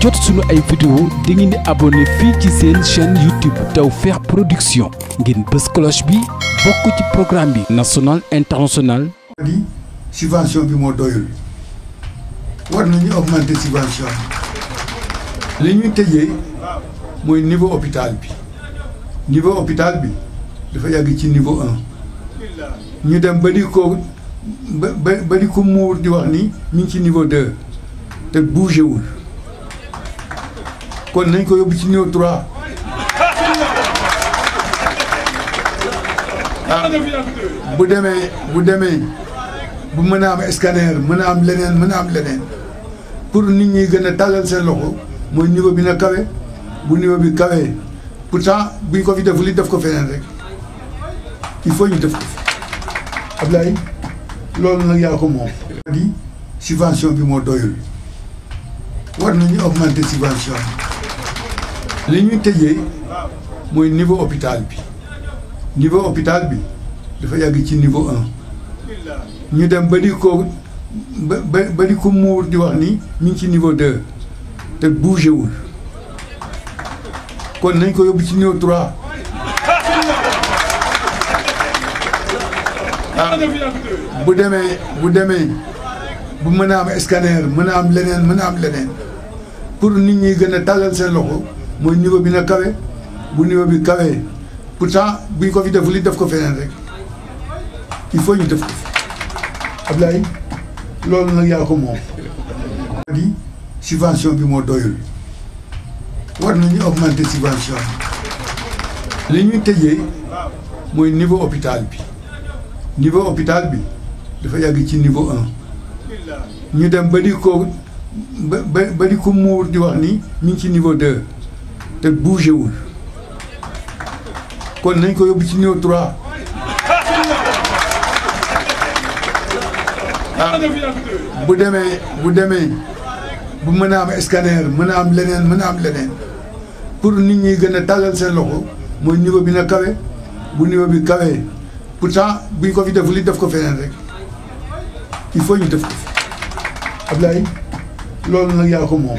jot suñu ay vidéo da ngeen di abonné fii ci seen chaîne YouTube Tawfekh Production ngeen bës cloche bi bokk ci programme bi national international di subvention bi moo doyul war nañu augmenter subvention li ñuy tëjee mooy niveau hopital bi niveau hopital bi dafa yàgg ci niveau un ñu dem ba di ko ba di muur di wax ni ñu ngi ci niveau deux te bougé wul kon nañ ko yóbbu ci niveau ah, 3 bu demee bu demee bu mën a am scanner mën a am leneen mën a am leneen pour nit ñi gën a tàllal seen loxo mooy niveau bi na kawe bu niveau bi kawee pour pourtant buñ ko fi def li def ko feneen rek il faut ñu def ko fi loolu nag yaa ko moom di subvention bi moo doyul war nañu augmenter subvention bi li ñuy tëjee mooy niveau hôpital bi niveau hôpital bi dafa yàgg ci niveau un ñu dem ba di ko ba ba di ko muur di wax ni ñu ngi ci niveau de te bougé wul kon nañ ko yóbbu ci niveau trois ah, bu demee bu demee bu mën a am scanner mën a am leneen mën a am leneen pour nit ñuy gën a tàllal seen loxo. mooy niveau bi na kawe bu niveau bi kawee pour bu ñu ko fi def li def ko feneen rek il faut ñu def ko fi Ablaye loolu nag yaa ko moom di subvention bi moo doyul war nañu augmenter subvention bi li ñuy tëjee mooy niveau hôpital bi niveau hôpital bi dafa yàgg ci niveau un ñu dem ba di ko ba ba di ko muur di wax nii ñu ngi ci niveau de te bougé wul kon nañ ko yóbbu ci niveau 3 ah bu demee bu demee bu mën a am scanner mën a am leneen mën a am leneen pour nit ñi gën a tàllal seen loxo mooy niveau bi na kawe bu niveau bi kawee pour pourtant buñ ko fi def li def ko feneen rek il faut ñu def ko fi Ablaye loolu nag yaa ko moom